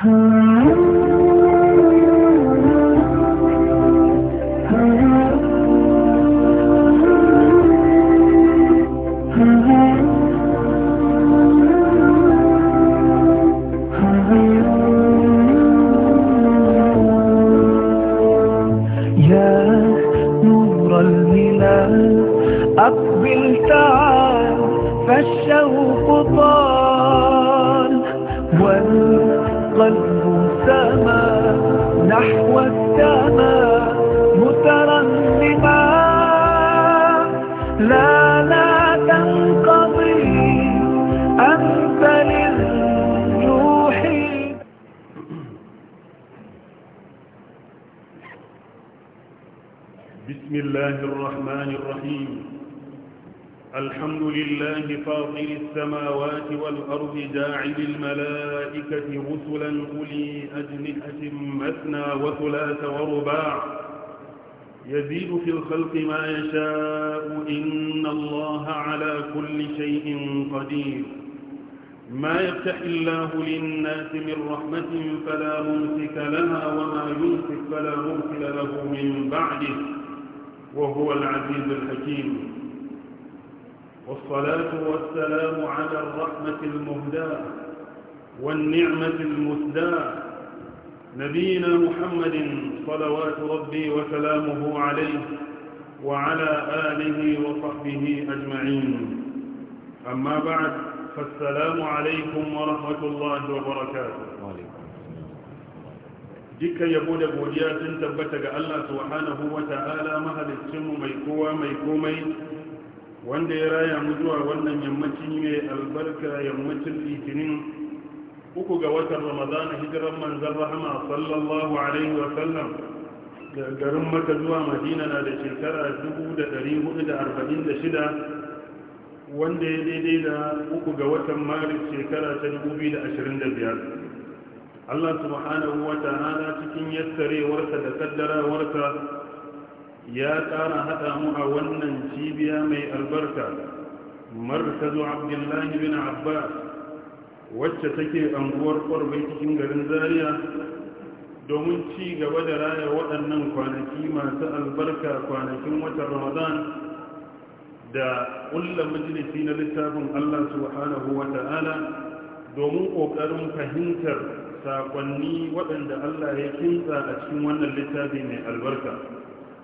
Hmm. وبعد فالسلام عليكم ورحمة الله وبركاته duka yabo da godiya sun tabbata ga Allah subhanahu wa ta'ala mahaliccinmu mai kowa mai komai wanda ya raya mu zuwa wannan yammacin mai albarka yammacin litinin uku ga watan ramadana hijiran manzan rahama sallallahu alaihi wa sallam garin maka zuwa madina na da shekara 446 wanda ya daidai da uku ga watan maris shekara ta 2025 Allah subhanahu wa ta'ala cikin yassarewarsa da kaddarawarsa ya tsara haɗa mu a wannan cibiya mai albarka markazu abdullahi bin abbas wacce take anguwar kwarbai cikin garin zaria domin ci gaba da raya waɗannan kwanaki masu albarka kwanakin watan ramadan da ƙulla majalisi na littafin Allah subhanahu wa ta'ala domin ƙoƙarin fahimtar saƙonni waɗanda Allah ya kinsa a cikin wannan littafi mai albarka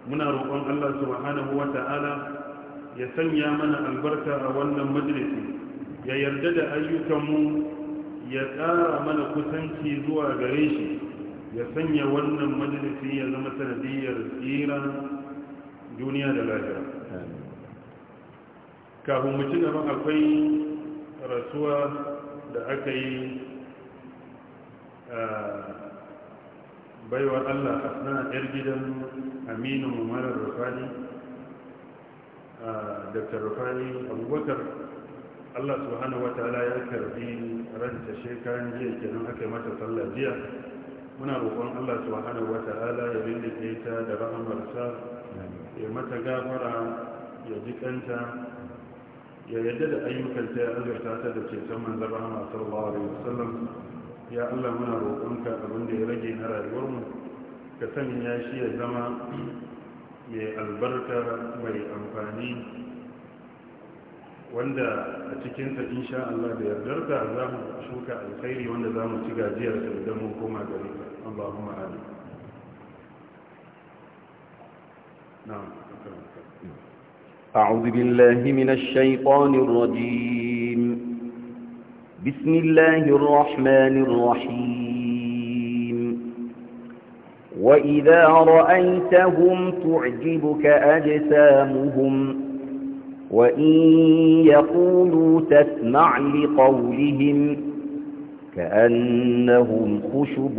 muna roƙon Allah subhanahu wa ta'ala ya sanya mana albarka a wannan majalisi ya yarda da ayyukanmu ya ƙara mana kusanci zuwa gare shi ya sanya wannan majalisi ya zama sanadiyar tsira duniya da lafiya kafin mu ci gaba akwai rasuwa da aka yi baiwar allah asna yar gidan aminu mumarar rufani dr rufani abubakar allah subhanahu wataala ya karbi ranta shekaran jiya kenan aka yi mata sallah jiya muna roƙon allah subhanahu wataala ya rinda ta da rahamarsa ya mata gafara ya ji kanta ya yadda da ayyukan ta ya azurta ta da ceton manzan rahama sallallahu alaihi wasallam ya allah muna roƙonka abin da ya rage na rayuwarmu ka sanya shi ya zama mai albarka mai amfani wanda a cikinsa insha Allah da yardarka za mu shuka alkhairi wanda za mu ci gajiyar ta idan mun koma gari Allahumma amin na'am أعوذ بالله من الشيطان الرجيم بسم الله الرحمن الرحيم وإذا رأيتهم تعجبك أجسامهم وإن يقولوا تسمع لقولهم كأنهم خشب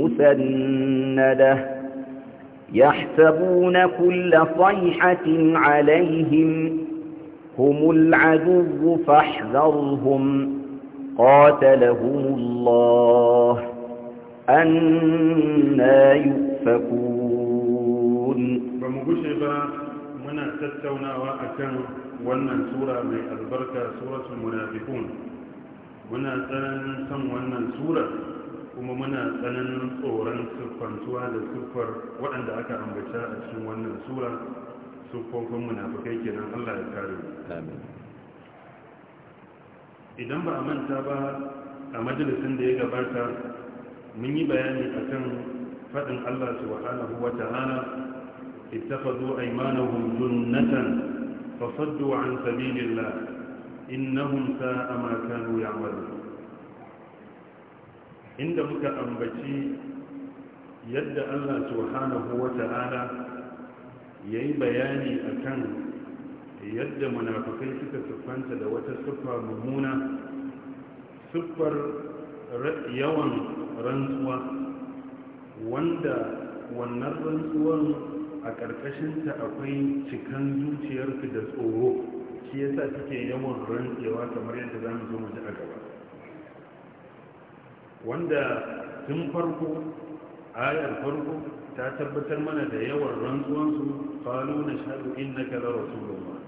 مسنده يحسبون كل صيحة عليهم هم العدو فاحذرهم قاتلهم الله أنا يؤفكون بمقشفة من تتونا وأكام ومن سورة من البركة سورة المنافقون من تنسى ومن سورة kuma muna tsananin tsoron siffantuwa da siffar waɗanda aka ambata a cikin wannan sura siffofin munafukai kenan Allah ya kare idan ba a manta ba a majalisin da ya gabata mun yi bayani akan faɗin Allah subhanahu wa ta'ala ittakhadhu aymanahum junnatan fasaddu an sabilillah innahum sa'a ma kanu ya'malun inda muka ambaci yadda Allah subhanahu ya yayi bayani akan yadda munafikai suka siffanta da wata siffa mummuna siffar yawan rantsuwa wanda wannan rantsuwan a ƙarƙashinta akwai cikan zuciyarsu da tsoro shi yasa suke yawan rantsewa kamar yadda za mu zo mu ji a gaba wanda tun farko ayar farko ta tabbatar mana da yawan rantsuwansu falu na shaɗu inna kala rasulullah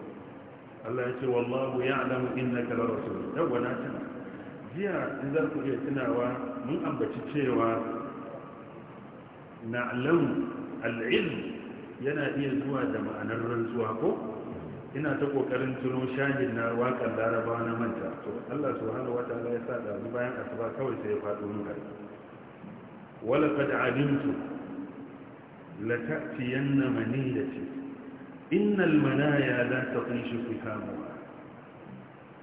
Allah ya ce wallahu ya alamu inna kala rasulullah yau wana tana jiya in za ku iya tunawa mun ambaci cewa na'lamu al'ilm yana iya zuwa da ma'anar rantsuwa ko ina ta kokarin tuno shagin na wakan laraba na manta to allah subhanahu wa ta'ala ya sa da bayan asuba kawai sai ya faɗo min kai wala qad alimtu la ta'tiyanna maniyati innal manaya la taqishu fiha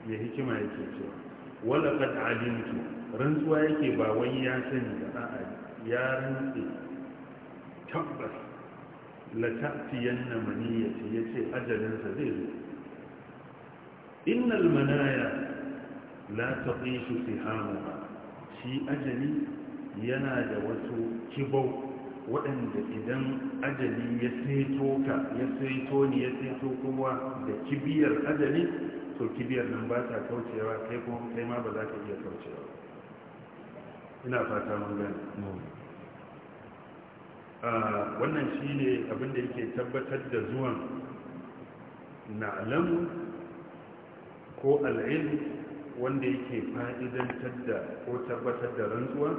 ya hikima yake cewa wala qad alimtu rantsuwa yake ba wani ya sani da a'a ya rantsi tabbas la ta'tiyanna maniyati yace ajalin sa zai zo innal manaya la taqishu sihamuha shi ajali yana da wasu kibau waɗanda idan ajali ya seto ka ya seto ni ya seto kuma da kibiyar ajali to kibiyar nan ba ta kaucewa kai kuma kai ma ba za ka iya kaucewa ina fata mun gani wannan shi ne abinda yake tabbatar da zuwan na'alamu ko al'il wanda yake fa'idantar da ko tabbatar da rantsuwa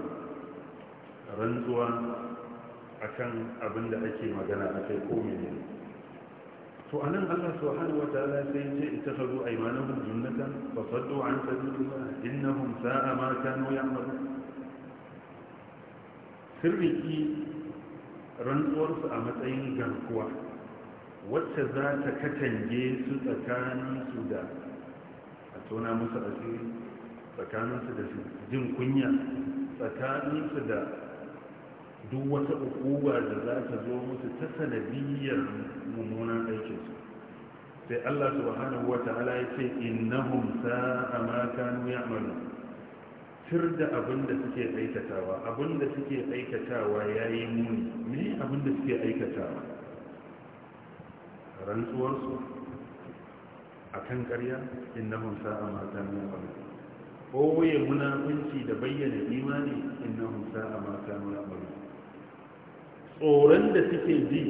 rantsuwa akan abinda ake magana a kai ko mene to anan Allah wata ala sai ya ce ittakhadhu aymanahum junnatan fasaddu an sabilillah innahum sa'a ma ya ya'malun Sirriki. rantsuwarsu a matsayin garkuwa wacce za ta katange su tsakaninsu da a tona musu asiri tsakaninsu da jin kunya tsakaninsu da duk wata ukuwa da za ta zo musu ta sanadiyyar mummunan aikinsu sai allah subhanahu wa ta'ala ya ce innahum sa'a ma kanu ya'malu tur da abin da suke aikatawa abin da suke aikatawa ya yi muni ne abin da suke aikatawa rantsuwarsu a kan karya innahun sa'a matan na'amari ɓoye munafunci da bayyana imani innahun sa'a matan na'amari tsoron da suke ji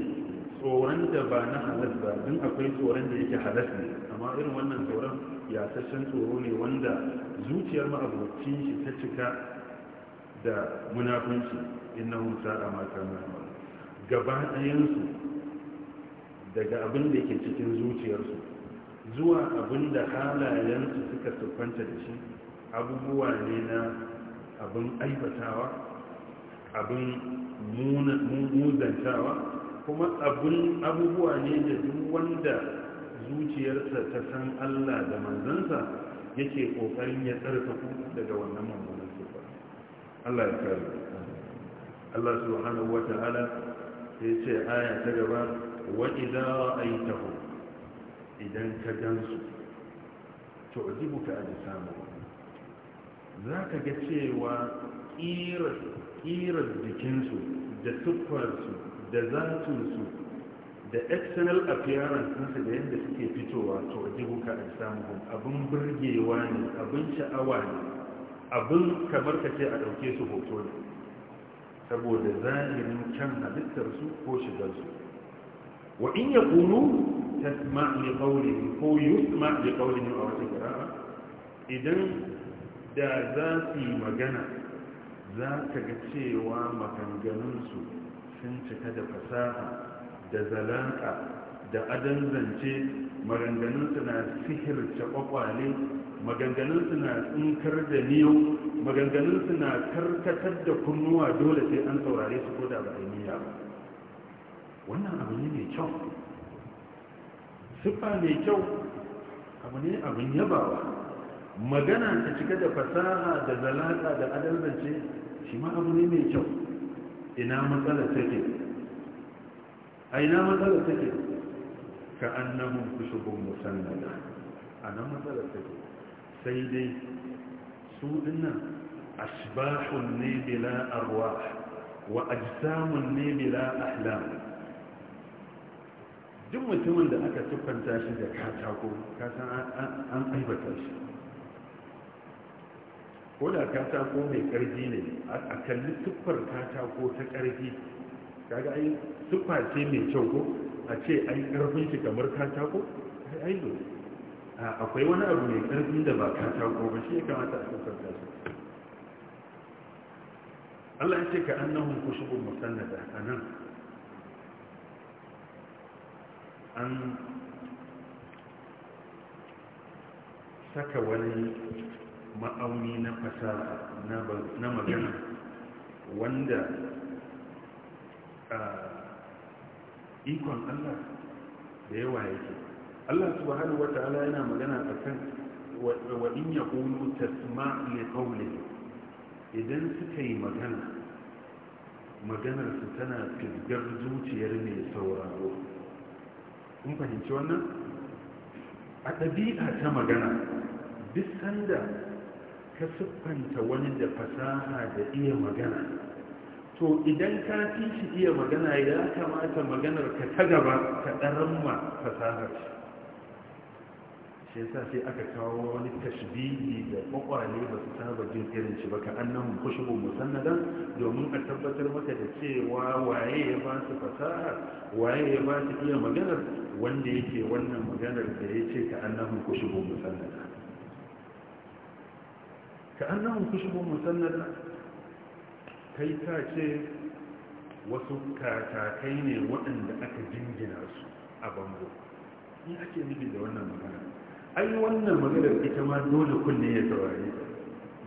tsoron da ba na halas ba don akwai tsoron da yake halas ne amma irin wannan tsoron san tsoro ne wanda zuciyar maabuci shi ta cika da munafunci innahum sa'a a kana gaba ɗayansu daga abin da ke cikin zuciyarsu zuwa abin da halayensu suka siffanta da shi abubuwa ne na abin aibatawa abin muzantawa kuma abubuwa ne da duk wanda zuciyarsa ta san Allah da manzansa yake kokarin ya tsarkaku daga wannan mummunan sifa Allah ya kare Allah subhanahu wata'ala sai ce aya ta gaba wa idza ra'aytahu idan ka gansu tu'jibuka Za zaka ga cewa kirar kirar jikinsu da siffarsu da zatunsu da external appearance ɗinsu da yadda suke fitowa to a ka a samun abin burgewa ne abin sha'awa ne abin kamar ka ce a ɗauke su hoto ne saboda zahirin can halittarsu ko shigarsu wa in ya kunu ta ma'ali ƙaunihin ko yi ma'ali ne a wata ƙira'a idan da za su yi magana za ka ga cewa maganganunsu sun cika da fasaha da zalanta da adan zance maganganunsu na sihirce kwakwale maganganunsu na tsinkar da miyau maganganunsu na karkatar da kunnuwa dole sai an saurare su ko da ba niyya ba wannan abu ne mai kyau siffa mai kyau abu ne abin yabawa magana ta cika da fasaha da zalaka da adalzance shi ma abu ne mai kyau ina matsala take a ina matsalar take ka annahun kusurgun musannada a nan matsalar take sai dai su dinnan ashbahun ne bila arwa wa ajsamun ne bila ahlam duk mutumin da aka tuffanta shi da katako kasan an aibata shi ko da katako mai karfi ne a kalli tuffar katako ta karfi kaga ai Tuffa ce mai kyau ko a ce ai karfin shi kamar katako ai aido akwai wani abu mai karfin da ba katako ba shi ya kamata a siffanta shi Allah ya ce ka annahu kushubun musannada anan an saka wani ma'auni na fasaha na magana wanda ikon Allah da yawa yake Allah subhanahu wata'ala yana magana akan wa in yaqulu tasma' li qawlihi idan suka yi magana maganar su tana fizgar zuciyar mai sauraro kun fahimci wannan a ɗabi'a ta magana duk sanda ka siffanta wani da fasaha da iya magana to idan ka fi shi iya magana ya kamata maganar ka ta gaba ka ɗarama fasahar shi shi yasa sai aka kawo wani tashbihi da kwakwale ba su saba jin irin shi ba ka annan kushubu musannadan domin a tabbatar maka da cewa waye ya ba su fasaha waye ya ba su iya maganar wanda yake wannan maganar da ya ce ka annan kushubu musannadan ka annan kushubu musannadan kai ta ce wasu katakai ne waɗanda aka jingina su a bango ni ake nufi da wannan magana ai wannan maganar ita ma dole kunne ya saurari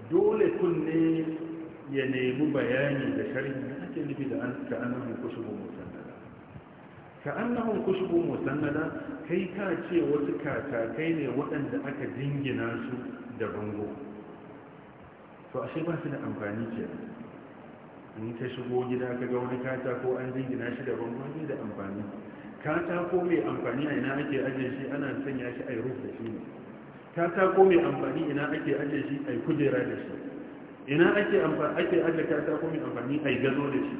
dole kunne ya nemi bayani da sharhi ne ake nufi da an ka annahum kushubun musannada ka annahum kushubun musannada kai ka ce wasu katakai ne waɗanda aka jingina su da bango to ashe ba su da amfani kenan in ta shigo gida ka ga wani katako an jingina shi da bambami da amfani katako mai amfani a ina ake ajiye shi ana sanya shi a yi da shi ne katako mai amfani ina ake ajiye shi a yi kujera da shi ina ake ajiye katako mai amfani a yi gado da shi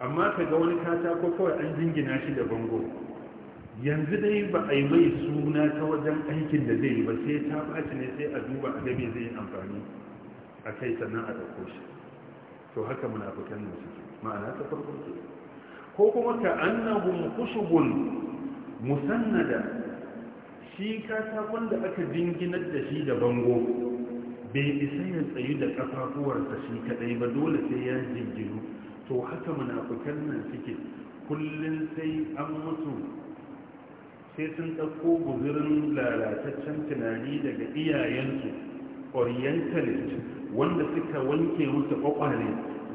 amma ka ga wani katako kawai an jingina shi da bango yanzu dai ba a yi mai suna ta wajen aikin da zai yi ba sai ta ɓaci ne sai a duba a gabe zai yi amfani a kai sannan a ɗauko shi to haka munafikan nan suke ma'ana ta farko ce ko kuma ka annahum khushubun musannada shi katakon da aka dinginar da shi da bango bai isa ya tsayu da kafafuwarsa shi kadai ba dole sai ya jingiru to haka munafikan nan suke kullun sai an mutu sai sun ɗauko guzurin lalataccen tunani daga iyayensu orientalist wanda suka wanke wuta kwakwale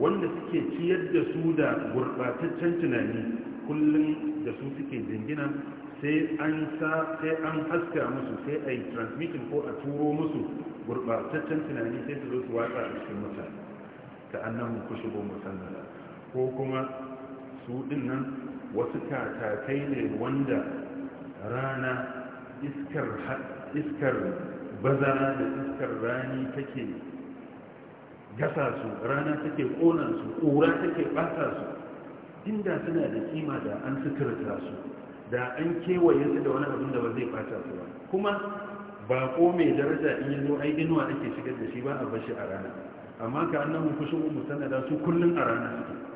wanda suke ciyar da su da gurbataccen tunani kullum da su suke jingina sai an sa sai an haska musu sai a yi transmitting ko a turo musu gurbataccen tunani sai su zo su watsa a cikin mutane ta annan ku shigo musannada ko kuma su din nan wasu katakai ne wanda rana iskar iskar bazara da iskar rani take gasa su rana take kona su ƙura take ɓata su inda suna da kima da an suturta su da an kewaye su da wani abin da ba zai ɓata su ba kuma ba ko mai daraja in yi zo ai inuwa ake shigar da shi ba a bashi a rana amma ka nan kushin mu sanada su kullun a rana suke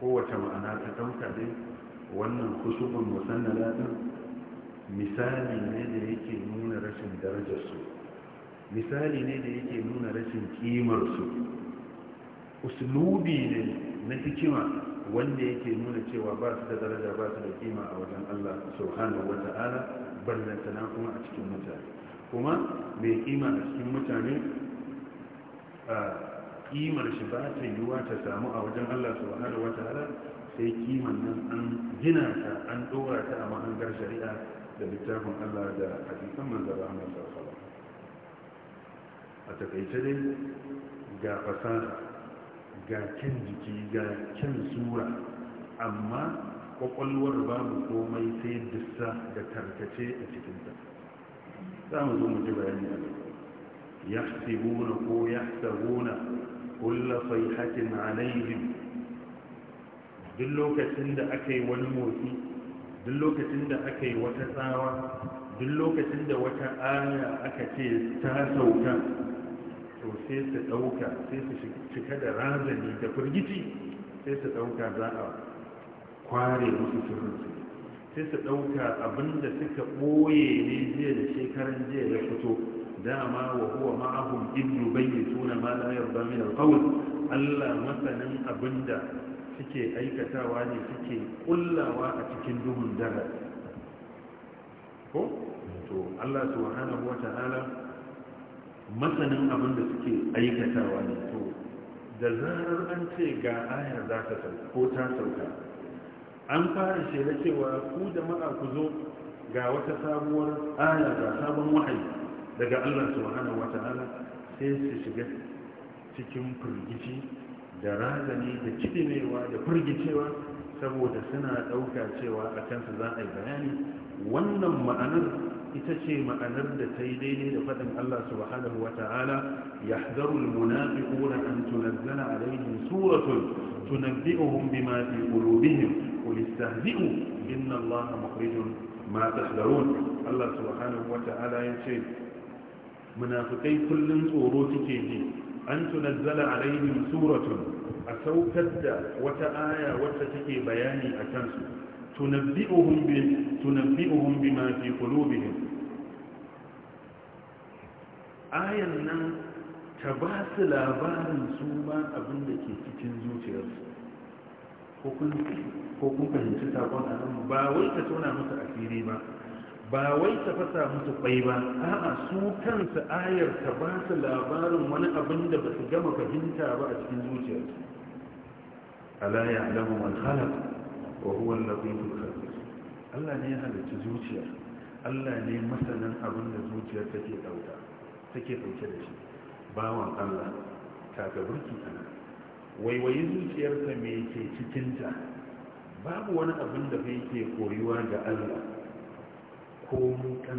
kowace ma'ana ta ɗauka dai wannan kusurban musannada ɗin misali ne da yake nuna rashin darajar su. misali ne da yake nuna rashin kimarsu uslubi ne na hikima wanda yake nuna cewa ba su da daraja ba su da kima a wajen allah subhanahu wa ta'ala barnatana kuma a cikin mutane kuma mai kima a cikin mutane a kimar shi ba ta yiwuwa ta samu a wajen allah subhanahu wa sai kiman nan an gina ta an dora ta a mahangar shari'a da littafin allah da hadisan manzara mai sarfa a takaice dai ga fasaha ga kyan jiki ga kyan sura amma kwakwalwar babu komai sai dissa da tarkace a cikinta za mu zo mu ji bayani a ya sibuna ko ya sabuna kulla hakin alaihim duk lokacin da aka yi wani motsi duk lokacin da aka yi wata tsawa duk lokacin da wata aya aka ce ta sauka to sai su ɗauka sai su cika da razani da firgici sai su ɗauka za a kware musu sirrinsu sai su ɗauka abinda suka ɓoye ne jiya da shekaran jiya ya fito dama wa huwa ma'ahum ibnu bayyituna ma la yarda min al-qawl Allah masanin abinda suke aikatawa ne suke kullawa a cikin duhun dare ko to Allah subhanahu wa ta'ala masanin abin da suke aikatawa ne to da zarar an ce ga ayar za ta sauka ko ta sauka an fara shela cewa ku jama'a ku zo ga wata sabuwar aya ga sabon wahayi daga Allah subhanahu wata'ala sai su shiga cikin firgici da razani da cikinewa da firgicewa saboda suna ɗauka cewa a kansu za a yi bayani wannan ma'anar ita ce ma'anar da ta yi daidai da faɗin Allah subhanahu wa ta'ala ya zaru munafiquna an tunazzala alaihim suratun tunabbi'uhum bima fi qulubihim qul istahzi'u inna Allaha mukhrijun ma tahdharun Allah subhanahu wa ta'ala ya ce munafikai kullun tsoro suke ji an tunazzala alaihim suratun a saukar da wata aya wacce take bayani a kansu tunabbi'uhum bima fi qulubihim ayan nan ta ba su labarin su ba abin da ke cikin zuciyarsu ko kun fahimci sakon a nan ba wai ta tona musu asiri ba ba wai ta fasa musu kwai ba a'a su kansu ayar ta ba su labarin wani abin da ba su gama fahimta ba a cikin zuciyarsu ala ya alamu man halak wa huwa al khabir Allah ne ya halicci zuciya Allah ne masanin abin da zuciyar take dauka take ɗauke da shi bawan allah taka burki ana waiwayi zuciyarsa me ke cikinta babu wani abin da bai ke koyuwa ga allah ko mu ta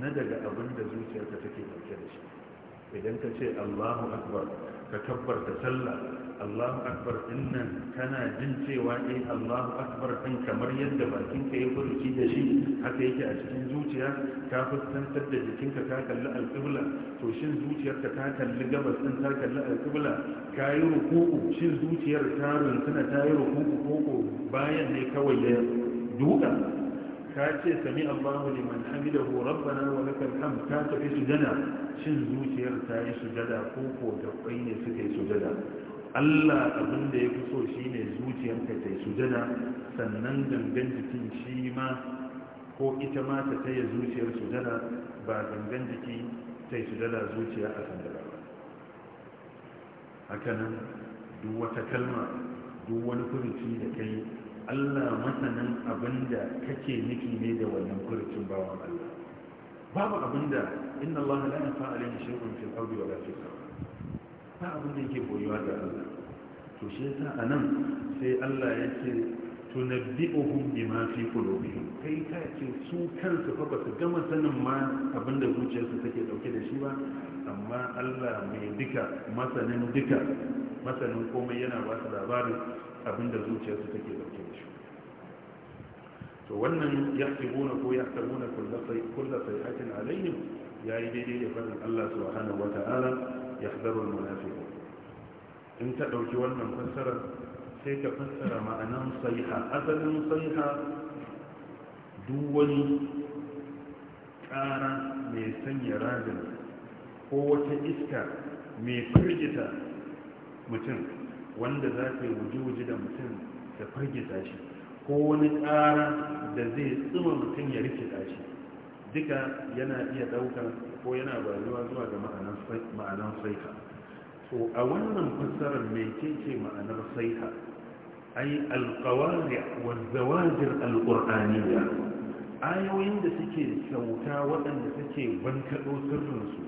na daga abin da zuciyarka take ɗauke da shi idan ka ce allahu akbar ka kabbarta sallah Allahu akbar din nan kana jin cewa eh Allahu akbar din kamar yadda bakinka ka ya furuci da shi haka yake a cikin zuciya ka fuskantar da jikinka ka kalli alqibla to shin zuciyarka ta kalli gabas din ta kalli alqibla ka yi ruku'u shin zuciyar ta runtuna ta yi ruku'u koko bayan ne kawai ya duka ka ce sami Allahu liman hamidahu rabbana wa lakal hamd ka tafi sujada shin zuciyar ta yi sujada ko ko gabbai ne suka yi sujada Allah abin da ya fi so ne zuciyarka ta yi sujada sannan gangan jikin shi ma ko ita ma ta taya zuciyar sujada ba gangan jiki ta yi sujada zuciya a sandara ba hakanan duk wata kalma duk wani furuci da kai Allah masanin abinda kake miki ne da wannan kurcin bawan Allah babu abinda inna Allah la yafa alayhi shay'un fil ardi wa la fis sama ba abinda yake boyuwa da Allah to shi yasa anan sai Allah yake tunabbi'uhum bima fi qulubihim kai ka ce su kansu fa ba su gama sanin ma abinda zuciyarsu take dauke da shi ba amma Allah mai duka masanin duka masanin komai yana ba su labarin abinda zuciyarsu take dauke to wannan ya tsibuna ko ya tsibuna kulla sai'atin alaihim ya yi daidai da fadin Allah subhanahu wata'ala ya hadarun munafiqun in ta ɗauki wannan fassara sai ka fassara ma'anan saiha asalin saiha duk wani ƙara mai sanya rajin ko wata iska mai firgita mutum wanda za ta yi wuji-wuji da mutum ta firgita shi ko wani ƙara da zai tsima mutum ya rikita shi duka yana iya ɗaukar ko yana bayuwa zuwa ga ma'anar saiha to a wannan fassarar mai ce ma'anar saiha ai alƙawari wa zawajir alƙur'aniya ayoyin da suke sauta waɗanda suke bankaɗo sirrinsu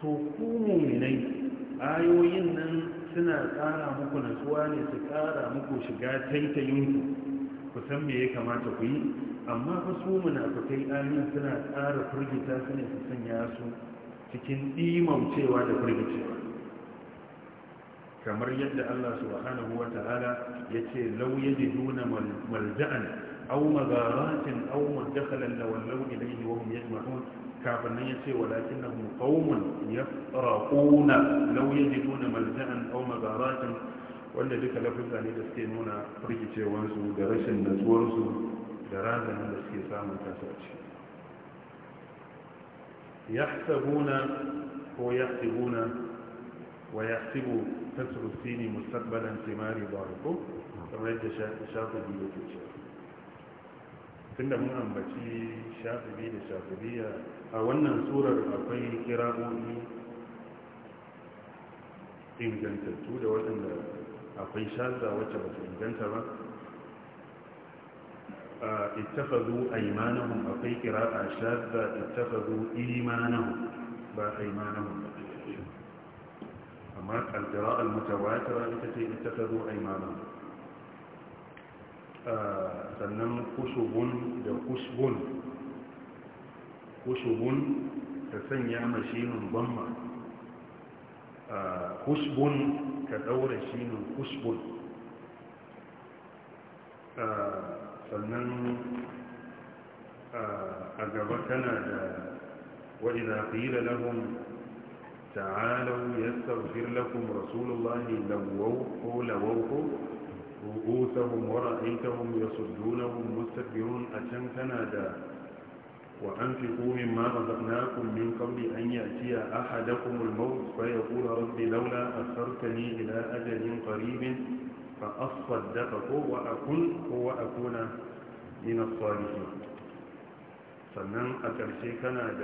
to ku muminai ayoyin nan suna ƙara muku nasuwa ne su ƙara muku shiga taitayinku ku san me ya kamata ku yi amma fa su munafikai ayoyin suna ƙara firgita su ne su sanya su cikin cewa da firgicewa kamar yadda Allah subhanahu wa ta'ala ya ce lau yajiduna malja'an أو مغارات أو مدخلا لولوا إليه وهم يجمعون كابنية ولكنهم قوم يفرقون لو يجدون ملجأ أو مغارات wanda duka lafuzza ne da suke nuna firgicewansu da rashin natsuwarsu da razanin da suke samun kansu a ciki ya ko ya wa ya sigo tasirusini mustaqbalan timari barako kamar yadda shafi da ke cewa tunda mun ambaci shafibi da shafibiya a wannan surar akwai kira'o'i ingantattu da waɗanda akwai shazza wacce ba ta inganta ba اتخذوا ايمانهم اقي قراءه شاذه اتخذوا ايمانهم با ايمانهم اما القراءه المتواتره التي اتخذوا ايمانهم sannan kushubun da kushbun kushubun ta sanya mashinin كشب كدور شين كشب آه، فلنن آه، أجبتنا وإذا قيل لهم تعالوا يستغفر لكم رسول الله لووحوا لووحوا رؤوسهم ورأيتهم يصدونهم مستكبرون أشمتنا دا وأنفقوا مما رزقناكم من قبل أن يأتي أحدكم الموت فيقول ربي لولا أخرتني إلى أجل قريب فأصدقه وأكون هو أكون من الصالحين فمن أكرشي كان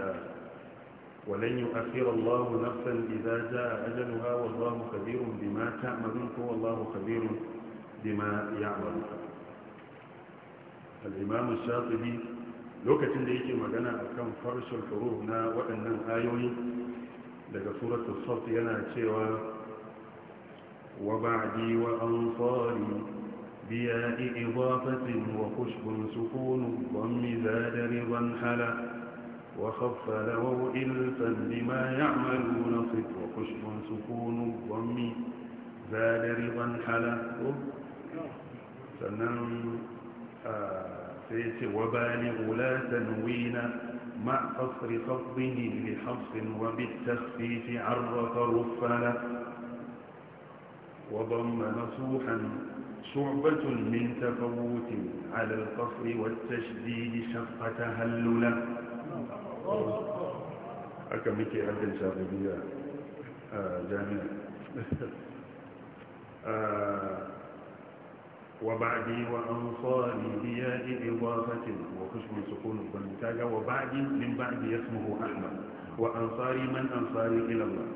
ولن يؤخر الله نفسا إذا جاء أجلها والله خبير بما تعملون هو الله خبير بما يعمل الإمام الشاطبي lokacin da yake magana a kan farshen furu na waɗannan ayoyi daga suratul saf yana cewa wa ba'di wa an ansari biya idafatin wa khushbun sukunu dhammi zada ban hala wa da khaffa ma ya amalu na sit wa khushbun sukunu dhammi zada ban hala sannan وبالغ لا تنوين مع قصر خفضه لحفظ وبالتخفيف عرف رفنا وضم نصوحا شعبة من تفوت على القصر والتشديد شق تهللا أكملك عبد الشاغبية آه، جميل وبعدي وأنصاري بياء إضافة وخشم سكون والمتاجة وبعدي من بعدي اسمه أحمد وأنصاري من أنصاري إلى الله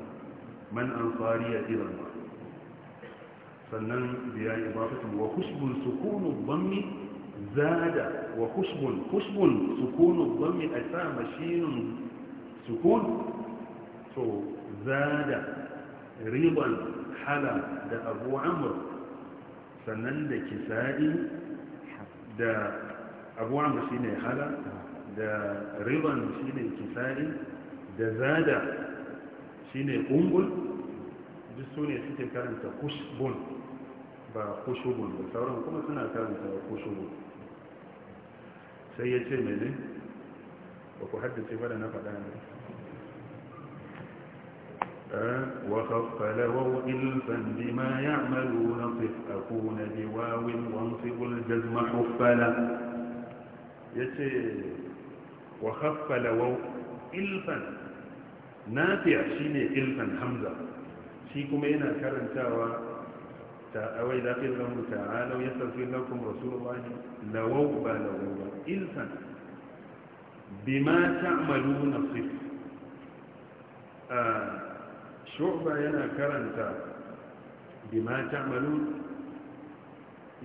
من أنصاري إلى الله sannan biya ibafatun wa kushbun sukunu dhammi zada wa kushbun kushbun sukunu dhammi asa mashinun sukun to zada riban hala da abu amr sannan da kisa'i da abuwa mu ne hala da riban shi ne kisa'i da zada shi ne ungul duk su ne suke karanta kushbun ba kushubun da sauran kuma suna karanta kushubun sai ya ce mai ba ku haddace ba da na faɗa ne وخف لووا إلفا بما يعملون صف أكون بواو وانصب الجزم حفلا يتي وخف لووا إلفا نافع شيني إلفا حمزة شيكم إنا كرنتاوا تاوى إذا قيل لهم تعالى ويستغفر لكم رسول الله لووا بلووا إلفا بما تعملون صف آه shu'ba yana karanta bima ta'malun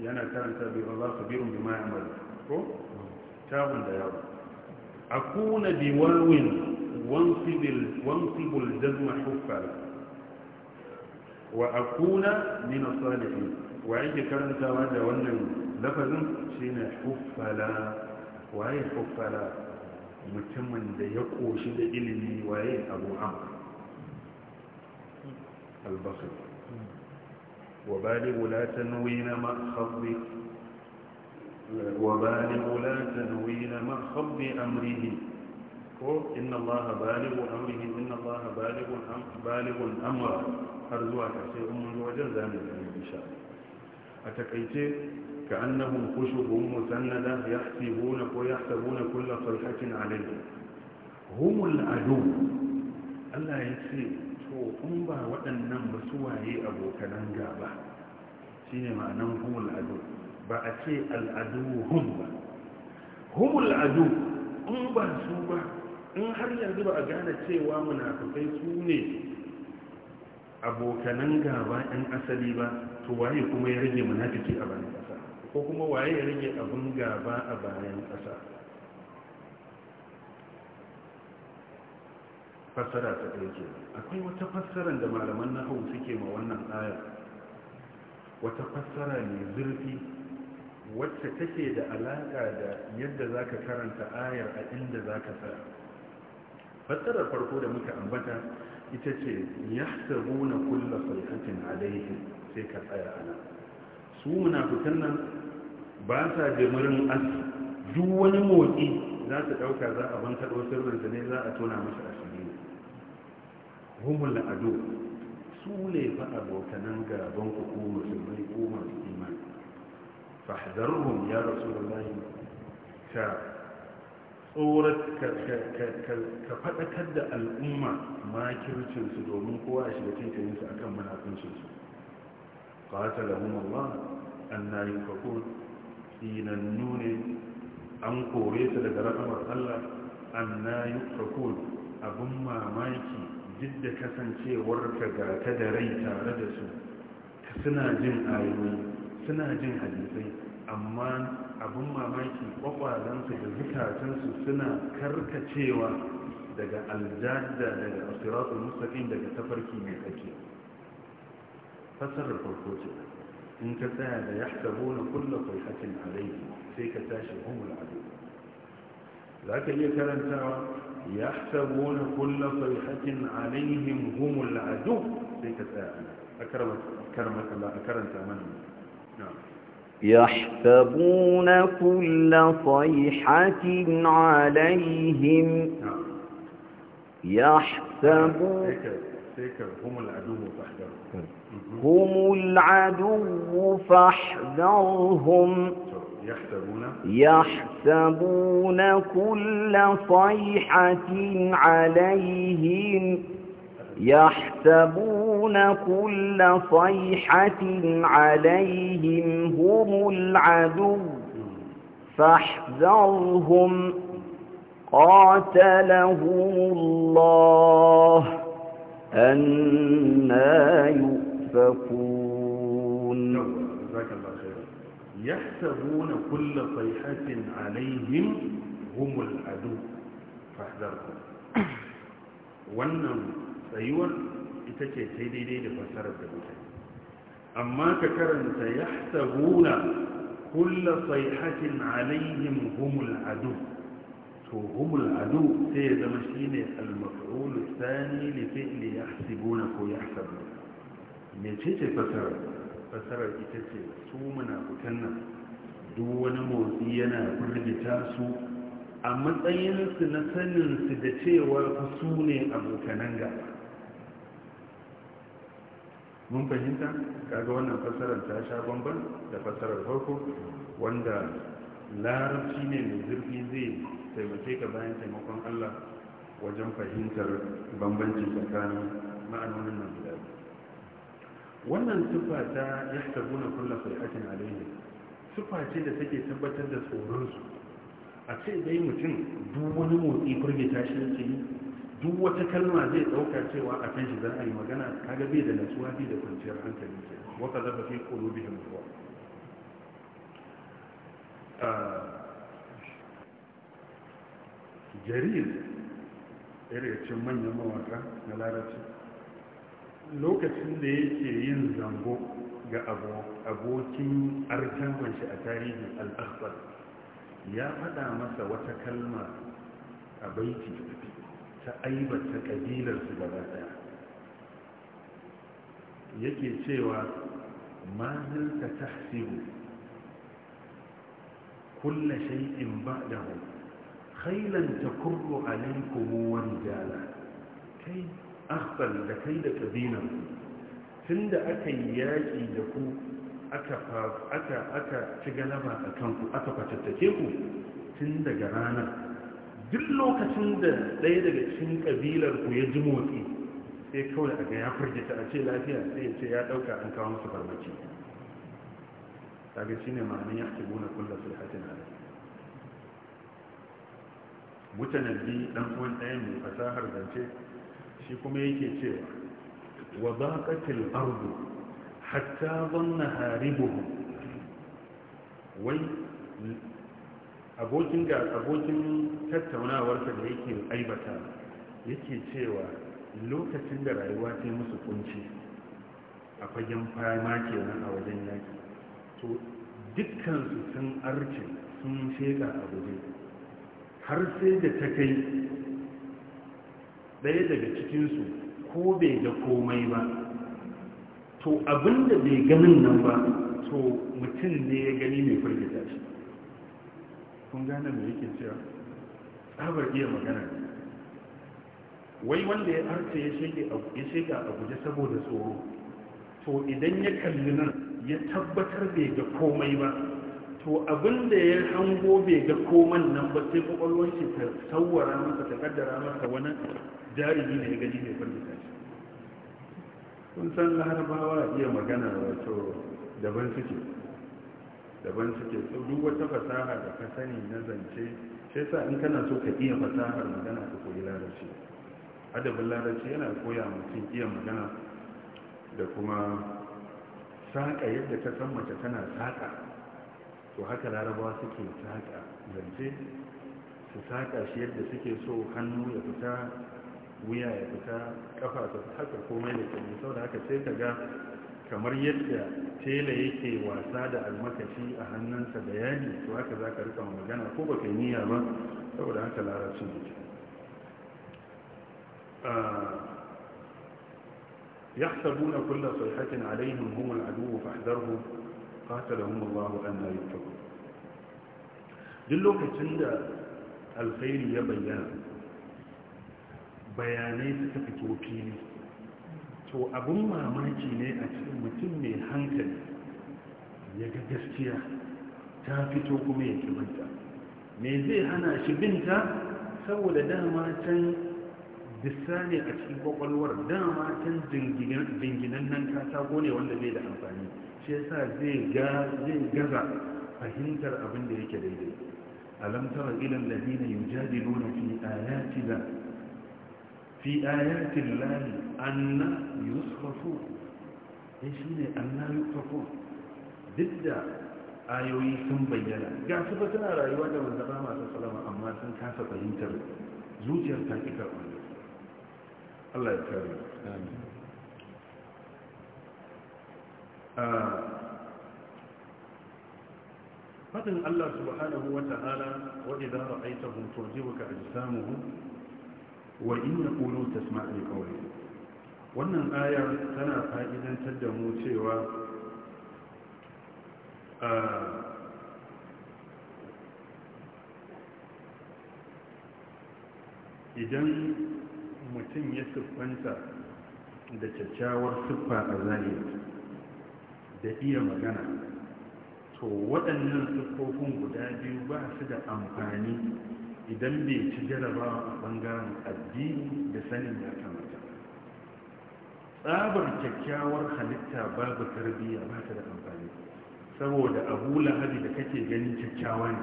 yana karanta bi Allah sabirun bima ya'malu ko tawun da yawo akuna biwawin wansibil wansibul jazma huffal wa akuna min as-salihin wa yake karantawa da wannan lafazin shine wa waye hukala mutumin da ya koshi da ilimi waye abu amr البصر وبالغ لا تنوين ما خض وبالغ لا تنوين ما خض أمره إن الله بالغ أمره إن الله بالغ بالغ الامر أرزوها كأسي أم وجل ذلك إن شاء الله أتكيت كأنهم خشب مسندة يحسبون ويحسبون كل صيحة عليهم هم العدو ألا يكفي to in ba waɗannan ba su waye abokanan gaba shi ne ma'anan humul adu ba a ce al'adu hum ba humul adu in ba su ba in har yanzu ba a gane cewa munafukai su ne abokanan gaba ɗan asali ba to waye kuma ya rage munafiki a bayan ƙasa ko kuma waye ya rage abin gaba a bayan ƙasa fassara ta ɗauke. akwai wata fassarar da malaman na hau suke ma wannan aya wata fassara mai zurfi wacce take da alaƙa da yadda za ka karanta ayar a inda za ka sa fassarar farko da muka ambata ita ce ya sabuna kulla sahihatin alaihi sai ka tsaya ana su munafukan nan ba sa jimirin as duk wani motsi za su ɗauka za a bankaɗo sirrinsa ne za a tona masa asiri هم العدو سولي فأب وكننك بنك قومة سمي قومة الإيمان فاحذرهم يا رسول الله كصورة كفتكد الأمة ما كرتن سدو من قواش التي تنسى أكم من أكنشن قاتلهم الله أن ينفقون دين النون أنقوا ريس لدرقم الله أن يفكون أبما مايكي duk da kasancewar ka ga ta da rai tare da su suna jin ayoyi suna jin hadisai amma abin mamaki kwakwalansu da zukatansu suna karkacewa daga aljada daga asiratun mustaqim daga tafarki mai kake fasarar farko ce in ka tsaya da ya tabo na kulla hakin alaiki sai ka tashi humul adu za ka iya karantawa يحسبون كل صيحة عليهم هم العدو ليك سائل أكرمت أكرمت الله أكرمت أمان نعم يحسبون كل صيحة عليهم نعم يحسبون هم العدو فاحذرهم هم العدو فاحذرهم نعم. يحسبون يحسبون كل صيحة عليهم يحسبون كل صيحة عليهم هم العدو فاحذرهم قاتلهم الله أنا يؤفكون يحسبون كل صيحة عليهم هم العدو فاحذركم wannan tsayuwar ita ce sai daidai da fasarar da mutane amma ka karanta ya sabuna kulla sayhatin alaihim humul adu to humul adu sai ya zama shine al-maf'ul thani li fi'li yahsibuna ko yahsabuna me ce ce fasarar fasarar ita ce su munafukan nan duk wani motsi yana firgita su a matsayinsu na saninsu da cewa su ne abokanan gaba mun fahimta kaga wannan fasarar ta sha bamban da fasarar farko wanda larabci ne mai zurfi zai taimake ka bayan taimakon allah wajen fahimtar bambancin tsakanin ma'anonin nan guda wannan siffa ta yastabuna kullu fa'atin alayhi siffa ce da take tabbatar da tsoronsu. su a ce dai mutum duk wani motsi ta shi yake yi duk wata kalma zai ɗauka cewa a kan shi za a yi magana kaga bai da nasuwa bi da kwanciyar hankali ke waka zaba fi qulubihim fa jarir irin manyan mawaka na larabci lokacin da yake yin zango ga abokin arjaman shi a tarihin al'akbar ya faɗa masa wata kalma a baiti ta aibata ƙabilarsu gaba ɗaya yake cewa mazilta ta hasibu kulla shai'in ba da hu khailan ta kurru alaikumu wani jala ahsan da kai da kabilan tun da aka yi yaƙi da ku aka ci galaba a kanku aka fatattake ku tun daga rana duk lokacin da ɗaya daga cikin kabilar ku ya ji motsi sai kawai a ga ya firgita a ce lafiya sai ya ce ya ɗauka an kawo musu farmaki kaga shine ma'anin ya ci gona kulla sulhatin ala bi ɗan uwan ɗaya mai fasahar zance shi kuma yake cewa wa baqatil ardu hatta dhanna haribuhu wai abokin ga abokin tattaunawarsa da yake aibata yake cewa lokacin da rayuwa ta musu kunci a fagen fama kenan a wajen yaki to dukkansu sun arce sun sheka a guje har sai da ta kai ɗaya daga cikinsu ko bai ga komai ba to abinda bai ganin nan ba to mutum ne ya gani mai firgita shi kun gane mai yake cewa tsabar iya magana ne wai wanda ya arce ya shiga a guje saboda tsoro to idan ya kalli nan ya tabbatar bai ga komai ba to abin da ya hango bai ga koman nan ba sai kwakwalwar shi ta tawara masa ta kaddara masa wani jarumi da ya gani mai farfita shi kun san larabawa iya magana wato daban suke daban suke so duk wata fasaha da ka sani na zance sai sa in kana so ka iya fasahar magana ka koyi larabci adabin larabci yana koya mutum iya magana da kuma saƙa yadda ta san mace tana saƙa to haka larabawa suke saƙa zance su saƙa shi yadda suke so hannu ya fita wuya ya fita ƙafa ta haka komai da kuma sau da haka sai ka ga kamar yadda tela yake wasa da almakashi a hannunsa da yadi to haka za ka rika magana ko baka yi niyya ba saboda haka larabcin da ke يحسبون كل صيحة عليهم هم العدو فاحذرهم fata da mu Allah yin yuttaku duk lokacin da alkhairi ya bayyana bayanai suka fito fili to abin mamaki ne a cikin mutum mai hankali ya ga gaskiya ta fito kuma ya kimanta me zai hana shi binta saboda dama can dissa ne a cikin kwakwalwar dama can jinginan nan katako ne wanda bai da amfani shi yasa zai zai gaza fahimtar abin da yake daidai alam tara ila alladhina yujadiluna fi ayatina fi ayati llahi anna yusfafu eh shine anna yusfafu duk da ayoyi sun bayyana ga su ba suna rayuwa da wanda ba masu salama amma sun kasa fahimtar zuciyar ta ƙi karɓar Allah ya kare amin faɗin Allah subhanahu wa ta'ala wadda za a aita hunto jiwuka a samuhu wa in ya ƙulu ta wannan ayar tana fa'idantar da mu cewa idan mutum ya siffanta da kyakkyawar siffa a zahiri da iya magana to waɗannan siffofin guda biyu ba su da amfani idan bai ci jarabawa a ɓangaren addini da sanin ya kamata tsabar kyakkyawar halitta babu tarbiyya ba ta da amfani saboda abu lahabi da kake ganin kyakkyawa ne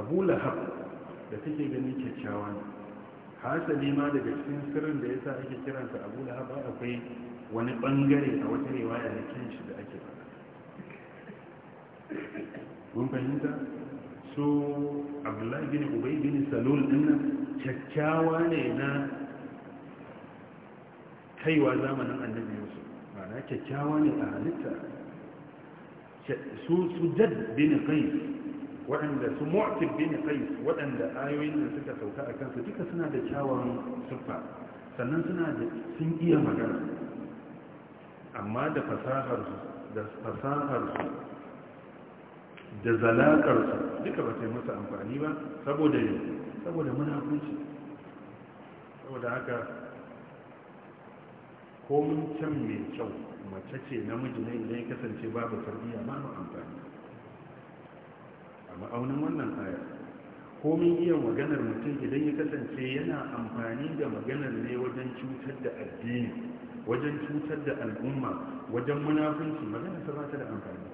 abu lahab da kake ganin kyakkyawa ne hasali ma daga cikin sirrin da ya sa ake kiransa abu lahab akwai wani bangare a wata riwaya da kyan shi da ake faɗa. mun fahimta so abdullahi bin ubay bin salul dinnan kyakkyawa ne na kaiwa zamanin annabi yusuf ma'ana kyakkyawa ne a halitta su su jad bin qais waɗanda su mu'tib bin qais waɗanda ayoyin da suka sauka a kansu duka suna da kyawawan siffa sannan suna da sun iya magana amma da fasaharsu da fasaharsu da zalakarsu duka ba sai masa amfani ba saboda yi saboda munafunci saboda haka komin can mai kyau mace ce namiji ne idan ya kasance babu tarbiyya ba mu amfani a ma'aunin wannan aya komin iya maganar mutum idan ya kasance yana amfani da maganar ne wajen cutar da addini wajen cutar da al'umma wajen munafunci magana ta ba ta da amfani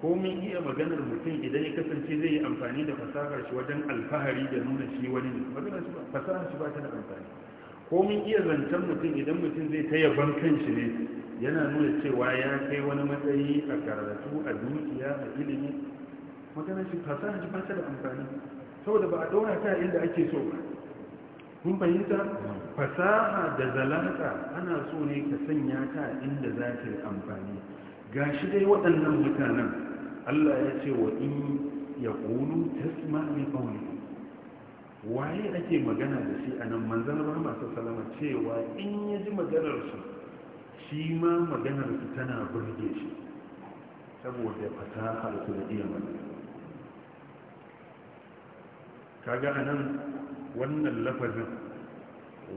Ko komin iya maganar mutum idan ya kasance zai yi amfani da fasahar shi wajen alfahari da nuna shi wani ne maganar fasahar shi ba ta da amfani Ko komin iya zancen mutum idan mutum zai ta yaban kanshi ne yana nuna cewa ya kai wani matsayi a karatu a dukiya a ilimi maganar shi fasahar shi ba ta da amfani saboda ba a ɗora ta inda ake so ba kun fahimta mm. fasaha da zalaka ana so ne ka sanya ta inda za ta yi amfani ga shi dai waɗannan mutanen allah ya ce wa in ya tasma ta tsimani waye ake magana da shi a nan manzan rama ta salama cewa in ya ji maganarsu shi ma maganarsu tana burge shi saboda fasahar su da iya magana kaga a nan wannan lafazin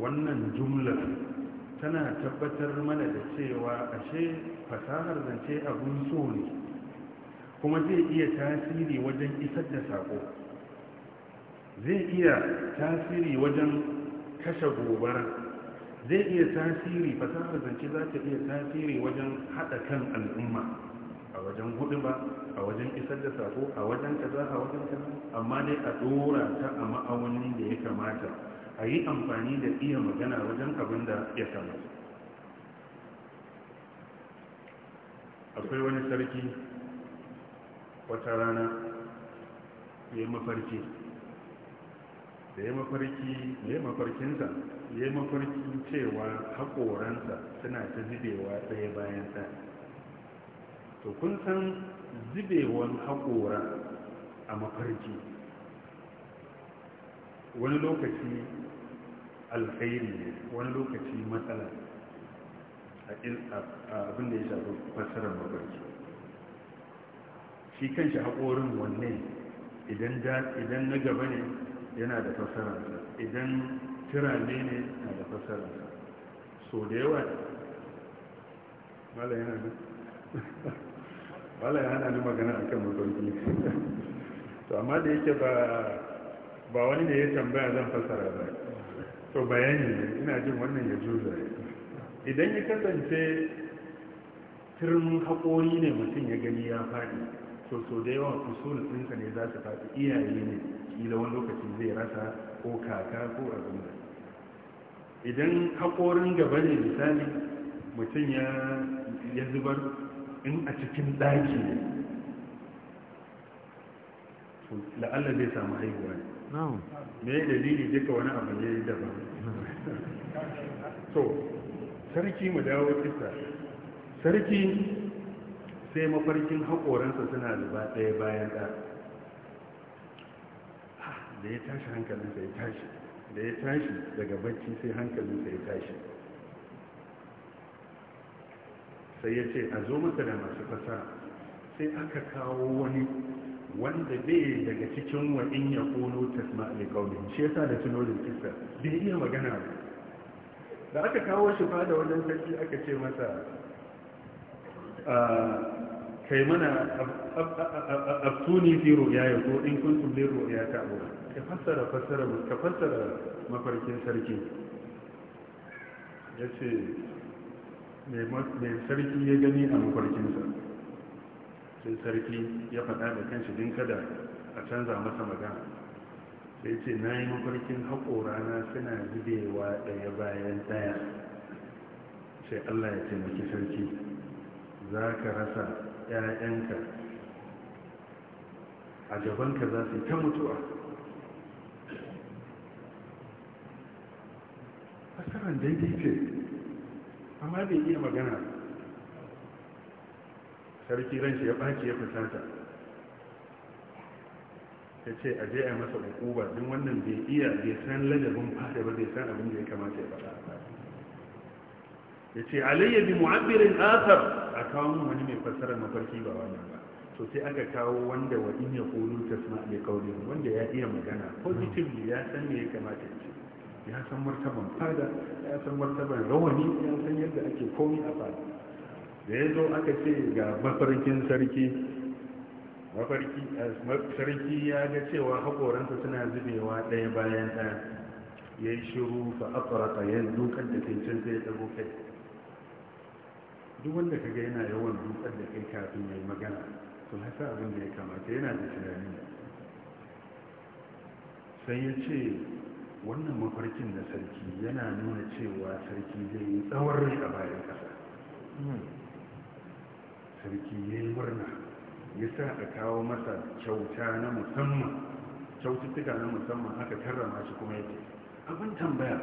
wannan jumlar tana tabbatar mana da cewa ashe fasahar zance abun so ne kuma zai iya tasiri wajen isar da sako zai iya tasiri wajen kashe gobara zai iya tasiri fasahar zance za ta iya tasiri wajen haɗa kan al'umma a wajen ba, a wajen isar da sako a wajen kaza a wajen kaza amma dai a dora ta a ma'aunin da ya kamata a yi amfani da iya magana wajen abin da ya kamata akwai wani sarki wata rana ya yi mafarki da ya yi mafarki ya mafarkinsa ya mafarkin cewa haƙoransa suna ta zubewa ɗaya bayan ɗaya to kun san zubewan haƙora a mafarki wani lokaci alkhairi ne wani lokaci matsala a abin da ya shafi fassarar mafarki shi kan shi haƙorin wanne idan na gaba ne yana da fassararsa idan tirane ne na da fassararsa so da yawa mala yana nan wala ya hana ni magana akan mutunci to amma da yake ba wani da ya tambaya zan fasara ba to bayani ina jin wannan ya juza idan ya kasance turmin haƙori ne mutum ya gani ya faɗi to so da yawan usul ɗinka ne za su faɗi iyaye ne kila wani lokaci zai rasa ko kaka ko abin da idan haƙorin gaba ne misali mutum ya zubar in a cikin ɗaki ne la'alla zai samu haihuwa ne me dalili duka wani abu ne daban so sarki mu dawo kisa sarki sai mafarkin haƙoransa suna ba ɗaya bayan ɗaya da ya tashi hankalinsa ya tashi da ya tashi daga bacci sai hankalinsa ya tashi sai ya ce a zo masa da masu fasara sai aka kawo wani wanda bai daga cikin wa'in ya kono tasma alikaulin shi yasa da tunorin kisa bai iya magana ba da aka kawo shi da wannan sarki aka ce masa kai mana abtuni fi ya ya ko in kuntum li ru'ya ta abu ka fassara fassara mafarkin sarki ya ce. mai sarki ya gani a mafarkinsa sai sarki ya faɗa da kanshi din kada a canza masa magana sai ce na yi mafarkin haƙorana suna zubewa ɗaya bayan ɗaya sai allah ya taimaki sarki za ka rasa 'ya'yanka a gabanka za su yi ta mutuwa a daidai ce amma bai iya magana sarki ran shi ya baki ya fusata ta ce a je a masa hukuba din wannan bai iya bai san ladabin fada ba bai san abin da ya kamata ya faɗa ya ce alayya bi mu'abirin asar a kawo mun wani mai fassara mafarki ba wannan ba to sai aka kawo wanda wa in ya kulu tasma mai qawlin wanda ya iya magana positively ya san me ya kamata ya ce ya san martaban fada ya san martaban rawani ya san yadda ake komi a fada da ya zo aka ce ga mafarkin sarki mafarki eh, sarki ya ga cewa haƙoransa suna zubewa ɗaya bayan ɗaya ya yi shiru fa afirka ya dukan da kai can sai ya ɗago kai duk wanda ka ga yana yawan dukan da kai kafin ya yi magana to haka abin da ya kamata yana da tunani sai ya ce wannan mafarkin na sarki yana nuna cewa sarki zai yi tsawon rai a bayan ƙasa sarki ya yi murna ya sa a kawo masa kyauta na musamman kyaututtuka na musamman aka karrama shi kuma yake abin tambaya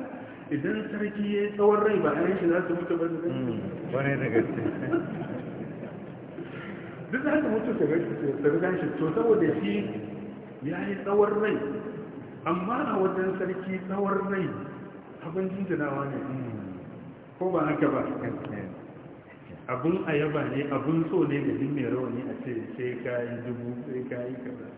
idan sarki ya yi tsawon rai ba a shi za su mutu ba su hmm, wane da gaske duk za su mutu su gaske su shi to saboda shi ya yi tsawon rai amma a wajen sarki tsawon rai abin jinjinawa ne ko ba haka ba abin ayaba ne abin so ne da jin mai rauni a ce sai ka yi dubu sai ka yi kaza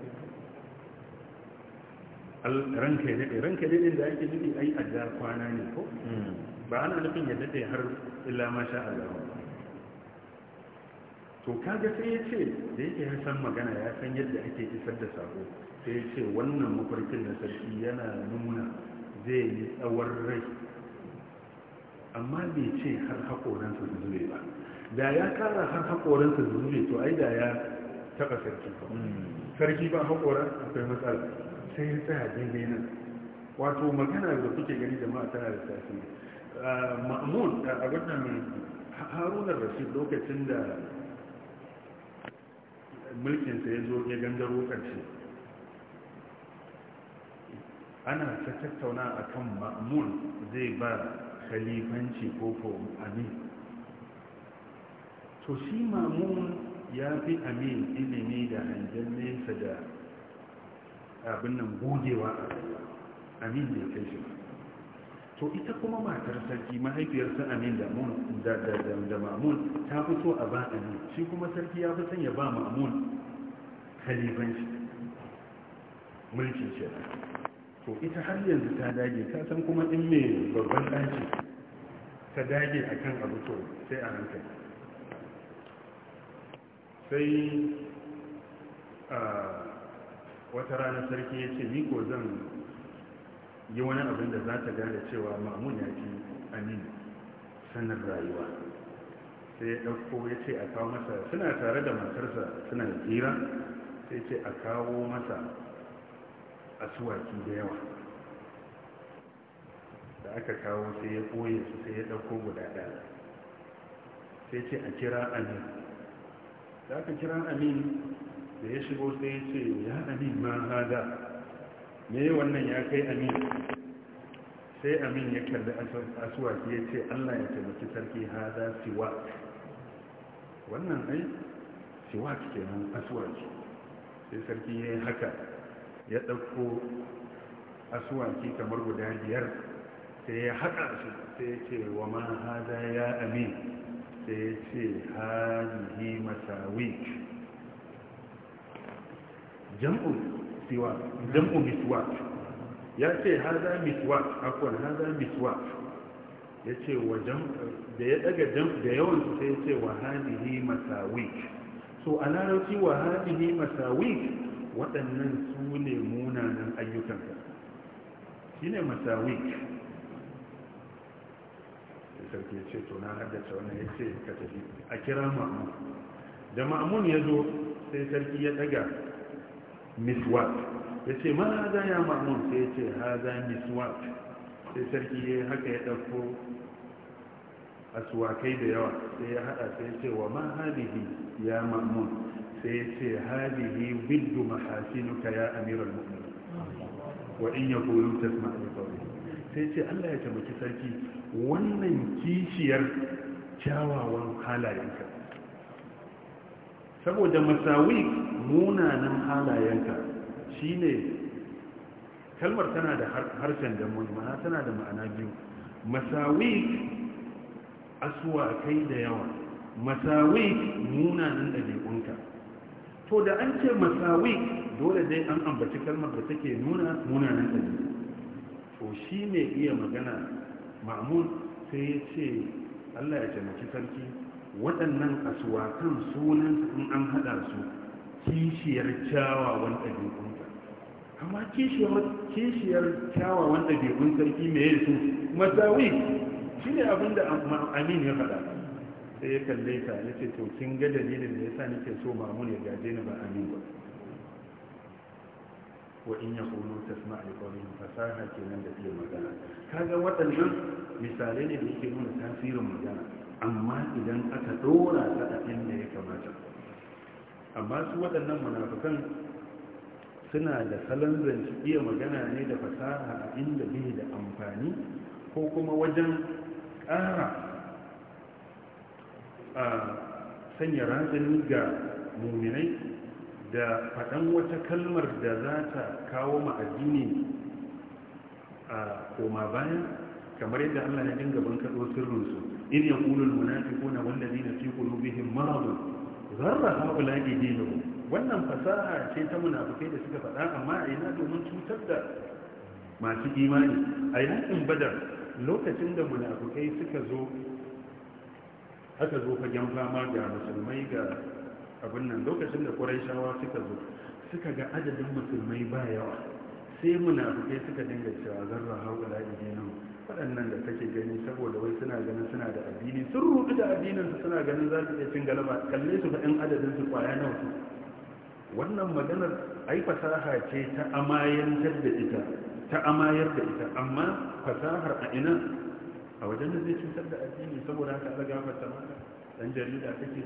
ranka ya daɗe ranka ya daɗe da ake nufi ai a kwana ne ko hmm. ba ana nufin ya daɗe har illa masha Allah to kaga sai ya ce da yake ya san magana ya san yadda ake isar da sako sai ya ce wannan mafarkin na sarki yana nuna zai yi tsawon rai amma bai ce har haƙoransa su zube ba da ya kara har haƙoransa su zube to ai da ya taɓa sarki ba hmm. sarki ba haƙora akwai matsala sai ya tsaya daidai nan wato magana da kuke gani jama'a tana da tasiri ah, ma'amun a wannan harunar rashid lokacin da mulkinsa ya zo ya gangaro ƙarshe ana ta tattauna a kan zai ba khalifanci ko ko amin to shi ma'amun ya fi amin ilimi da hangen nesa da abin nan gogewa amin da ya kai shi ba to ita kuma matar sarki mahaifiyarsa amin da mun da da da mamun ta fito a ba ani shi kuma sarki ya fi sanya ba mamun khalifanci mulkin shi to ita har yanzu ta dage ta san kuma in me babban ɗaki ta dage akan abu to sai a hankali sai ah, wata rana sarki ya ce ni ko zan yi wani abin da za ta gane cewa mamun ya fi amin sanar rayuwa sai ya ɗauko ya ce a kawo masa suna tare da matarsa suna da tsira sai ce a kawo masa asuwaki da yawa da aka kawo sai ya ɓoye su sai ya ɗauko guda ɗaya sai ce a kira amin da aka kira amin da ya shigo sai ya ce ya amin ma hada me wannan ya kai amin sai amin ya kalli asuwaki ya ce allah ya taimaki sarki hada siwa wannan ai siwa kenan asuwaki sai sarki ya yi haka ya ɗauko asuwaki kamar guda biyar sai ya haka su sai ya ce wa ma hada ya amin sai ya ce hajji masawik jam'u siwa jam'u miswak ya ce haza miswak akwai haza miswak ya ce da ya daga da yawan su sai ya ce wa masawik so a larauci wa hadihi masawik waɗannan su ne munanan ayyukanka shi ne masawik da sarki ya ce to na haddace wannan ya ce ka tafi a kira ma'amun da ma'amun ya zo sai sarki ya daga miswak ya ce ma haza ya ma'amun sai ya ce haza miswak sai sarki ya haka ya ɗauko aswakai da yawa sai ya haɗa sai ya ce wa ma hadihi ya ma'amun sai ya ce hadihi biddu mahasinuka ya amiral mu'minin wa in ya kulu tasma a sai ce allah ya taimaki sarki wannan kishiyar kyawawan halayenka saboda masawi munanan halayenka shi ne kalmar tana da harshen da ma'ana tana da ma'ana biyu masawi aswakai da yawa masawi munanan ɗabi'unka to da an ce masawi dole dai an ambaci kalmar da take nuna munanan ɗabi'u to shi ne iya magana ma'amun sai ya ce allah ya taimaki sarki waɗannan asuwakan sunansu in an haɗa su kishiyar kyawawan ɗabi'unta amma kishiyar kyawawan ɗabi'un sarki mai yi su mazawi shi ne abinda amin ya faɗa sai ya kalle ta ya ce to kin ga dalilin da ya sa nake so mamun ya gaje ni ba amin ba wa in ya kuno ta suna alƙawarin fasaha kenan da iya magana kaga waɗannan misalai ne da yake nuna tasirin magana amma idan aka dora ta a inda ya kamata amma su waɗannan munafukan suna da salon zance iya magana ne da fasaha a inda bai da amfani ko kuma wajen ƙara a sanya razani ga muminai da faɗan wata kalmar da za ta kawo ma'ajini a koma bayan kamar yadda allah ya dinga bankaɗo sirrinsu إذ يقول المنافقون والذين في قلوبهم مرض غر هؤلاء دينهم wannan fasaha ce ta munafukai da suka faɗa amma a ina domin cutar da masu imani a yankin badar lokacin da munafikai suka zo aka zo fagen fama ga musulmai ga abin nan lokacin da ƙwarai shawa suka zo suka ga adadin musulmai ba yawa sai muna munafukai suka dinga cewa zarra haula nan waɗannan da take gani saboda wai suna ganin suna da addini sun rudu da addinin su suna ganin za su iya cin galaba kalle su ga ɗan adadin su kwaya nawa su wannan maganar ai fasaha ce ta amayantar da ita ta amayar da ita amma fasahar a ina a wajen da zai cutar da addini saboda haka ala gafarta ma dan jarida take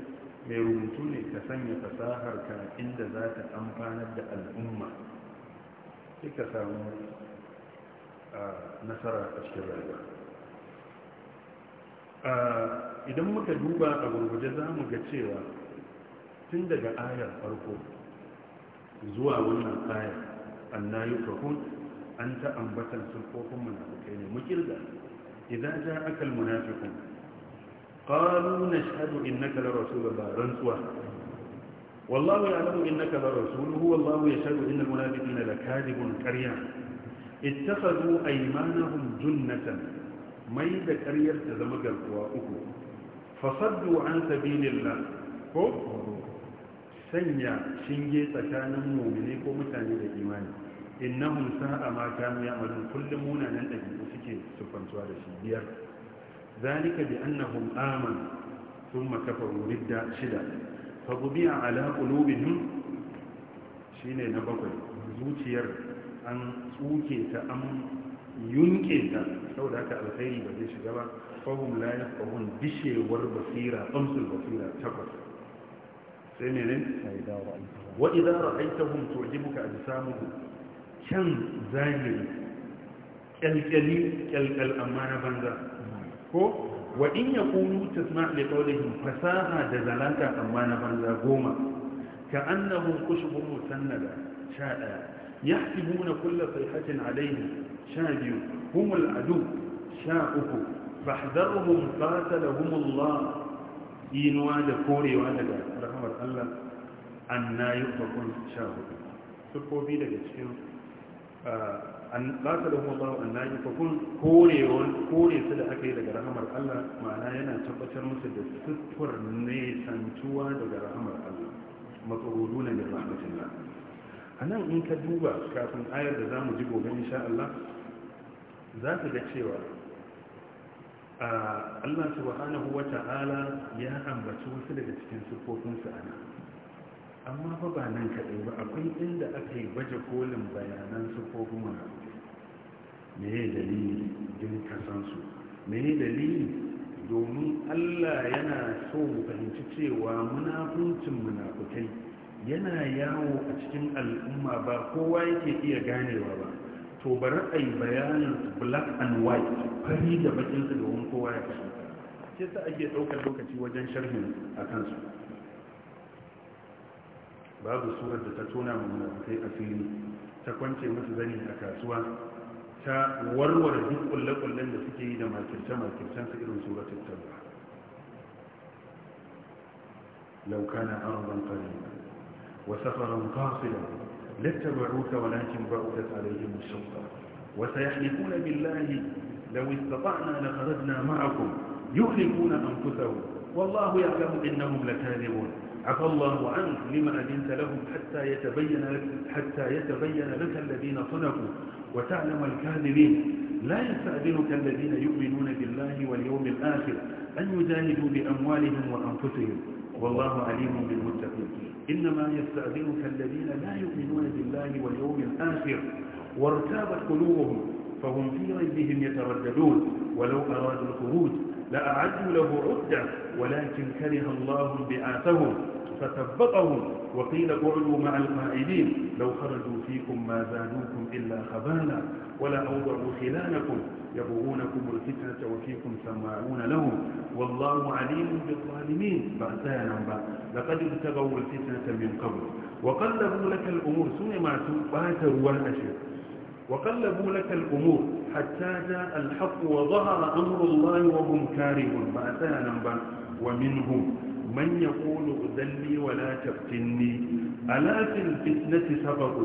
mai rubutu ne ka sanya fasahar ka inda za ta amfanar da al'umma sai ka samu nasara a cikin rayuwa idan muka duba a gurguje za mu ga cewa tun daga ayar farko zuwa wannan ayar annayu fakun an ta ambatan sulfofin munafukai ne mu kirga idan ja akal in qalu na rasu la ba rantsuwa والله يعلم إنك لرسوله والله يشهد إن المنافقين لكاذب كريا اتخذوا أيمانهم جنة ميد كريا تزمج القواؤه فصدوا عن سبيل الله ko sanya shinge tsakanin mumine ko mutane da imani innahum sa'a ma kanu ya'malun kullum munanan dabi'u suke sufantuwa da shi biyar zalika bi annahum amanu thumma kafaru ridda shida fagubiya ala shi shine na bakwai zuciyar an tsuke ta an yunke ta da haka alkhairi ba zai shiga ba Fahim la fahim bishewar basira amsul basira takwas sai mene wa idza muka tu'jibuka samu kyan zahiri kyalkyali kyalkyal amma na banza ko وإن يقولوا تسمع لقولهم فساها جزلانك أما نبلا قوما كأنهم كشب مسندا شاء يحسبون كل صيحة عليهم شادي هم العدو شاءه فاحذرهم قاتلهم الله إن واد كوري وادك رحمة الله أن لا يؤفكون شاءه سبحانه an ba kuma da Allah annabi fa kore su da aka yi daga rahamar Allah ma'ana yana tabbatar musu da suttur ne daga rahamar Allah matsuruduna min A nan in ka duba kafin ayar da za mu ji gobe insha Allah za ka ga cewa ah, Allah subhanahu wa ta'ala ya ambaci wasu daga cikin siffofinsu a nan amma fa ba nan kaɗai ba akwai inda aka yi baje kolin bayanan su ko kuma me ya dalili don kasansu me ya dalili domin allah yana so mu fahimci cewa munafuncin munafukai yana yawo a cikin al'umma ba kowa yake iya ganewa ba to bari a yi bayanin black and white fari da bakin su domin kowa ya fahimta sai ta ake ɗaukar lokaci wajen sharhin a kansu babu surar da ta tona mu a fili ta kwance musu zani a kasuwa ta warware duk kullakullen da suke yi da makirce makircen su irin suratul tauba law kana ardan qariba wa safaran qasida lattaba'uka walakin ba'udat alayhim shaqqa wa sayahlifuna billahi law istata'na la kharajna ma'akum yuhlikuna anfusahum والله يعلم انهم لكاذبون عفى الله عنك لما أذنت لهم حتى يتبين لك, حتى يتبين لك الذين صدقوا وتعلم الكاذبين لا يستأذنك الذين يؤمنون بالله واليوم الآخر أن يجاهدوا بأموالهم وأنفسهم والله عليم بالمتقين إنما يستأذنك الذين لا يؤمنون بالله واليوم الآخر وارتابت قلوبهم فهم في ريبهم يترددون ولو أرادوا الخروج لأعدوا له عدة ولكن كره الله بعاثهم فثبطه وقيل اقعدوا مع القائلين لو خرجوا فيكم ما زادوكم إلا خبالا ولا أوضعوا خلالكم يبغونكم الفتنة وفيكم سماعون لهم والله عليم بالظالمين بعثانا بعد لقد ابتغوا الفتنة من قبل وقلبوا لك الأمور سنما تبات والأشر وقلبوا لك الأمور حتى جاء الحق وظهر أمر الله وهم كارهون بعثانا بعد ومنهم من يقول اغذلني ولا تفتني ألا في الفتنة سبق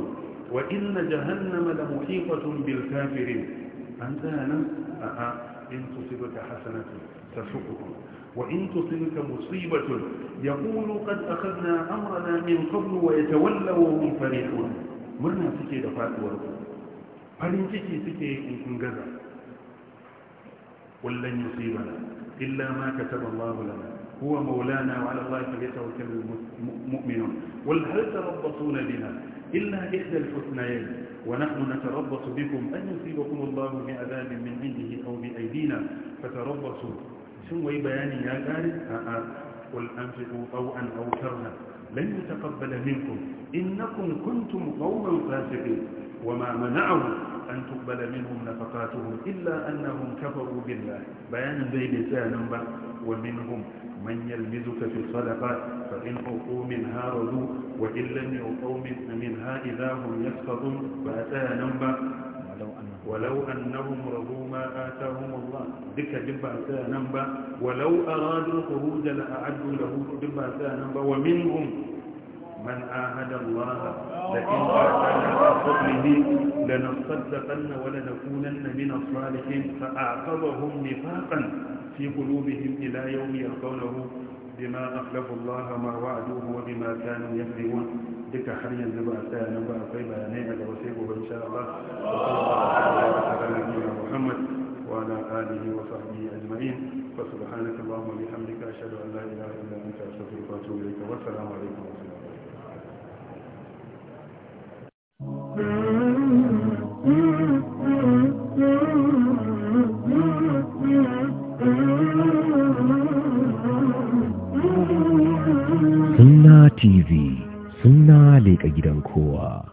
وإن جهنم لمحيطة بالكافرين أنت أنا أها إن تصبك حسنة تسقط وإن تصبك مصيبة يقول قد أخذنا أمرنا من قبل ويتولوا وهم فرحون مرنا سكي دفات ورقوا فلن سكي سكي إن قذر ولن يصيبنا إلا ما كتب الله لنا هو مولانا وعلى الله فليتوكل المؤمنون قل هل تربصون بنا إلا إحدى الحسنيين ونحن نتربص بكم أن يصيبكم الله بعذاب من عنده أو بأيدينا فتربصوا سوى بيان يا ذلك آه، آه. قل أنفقوا طوعا أو كرها لن يتقبل منكم إنكم كنتم قوما فاسقين وما منعهم أن تقبل منهم نفقاتهم إلا أنهم كفروا بالله بيان ذي ومنهم من يلمزك في الصدقات فإن أعطوا منها رضوا وإن لم يعطوا منها إذا هم يسخطون فأتاها نوبة ولو أنهم رضوا ما آتاهم الله ذكر جبا أتاها نوبة ولو أرادوا الخروج لأعدوا له جبا أتاها نوبة ومنهم من عاهد الله لئن أرسلنا قبله لنصدقن ولنكونن من الصالحين فأعقبهم نفاقا في قلوبهم إلى يوم يلقونه بما أخلفوا الله ما وعدوه وبما كانوا يكذبون بك حريا نبع ساعة نبع طيبة نعد وسيبه إن شاء الله وصلى الله على محمد وعلى آله وصحبه أجمعين فسبحانك اللهم وبحمدك أشهد أن لا إله إلا أنت أستغفرك وأتوب إليك والسلام عليكم Sunna TV, Sunna leƙa gidan kowa.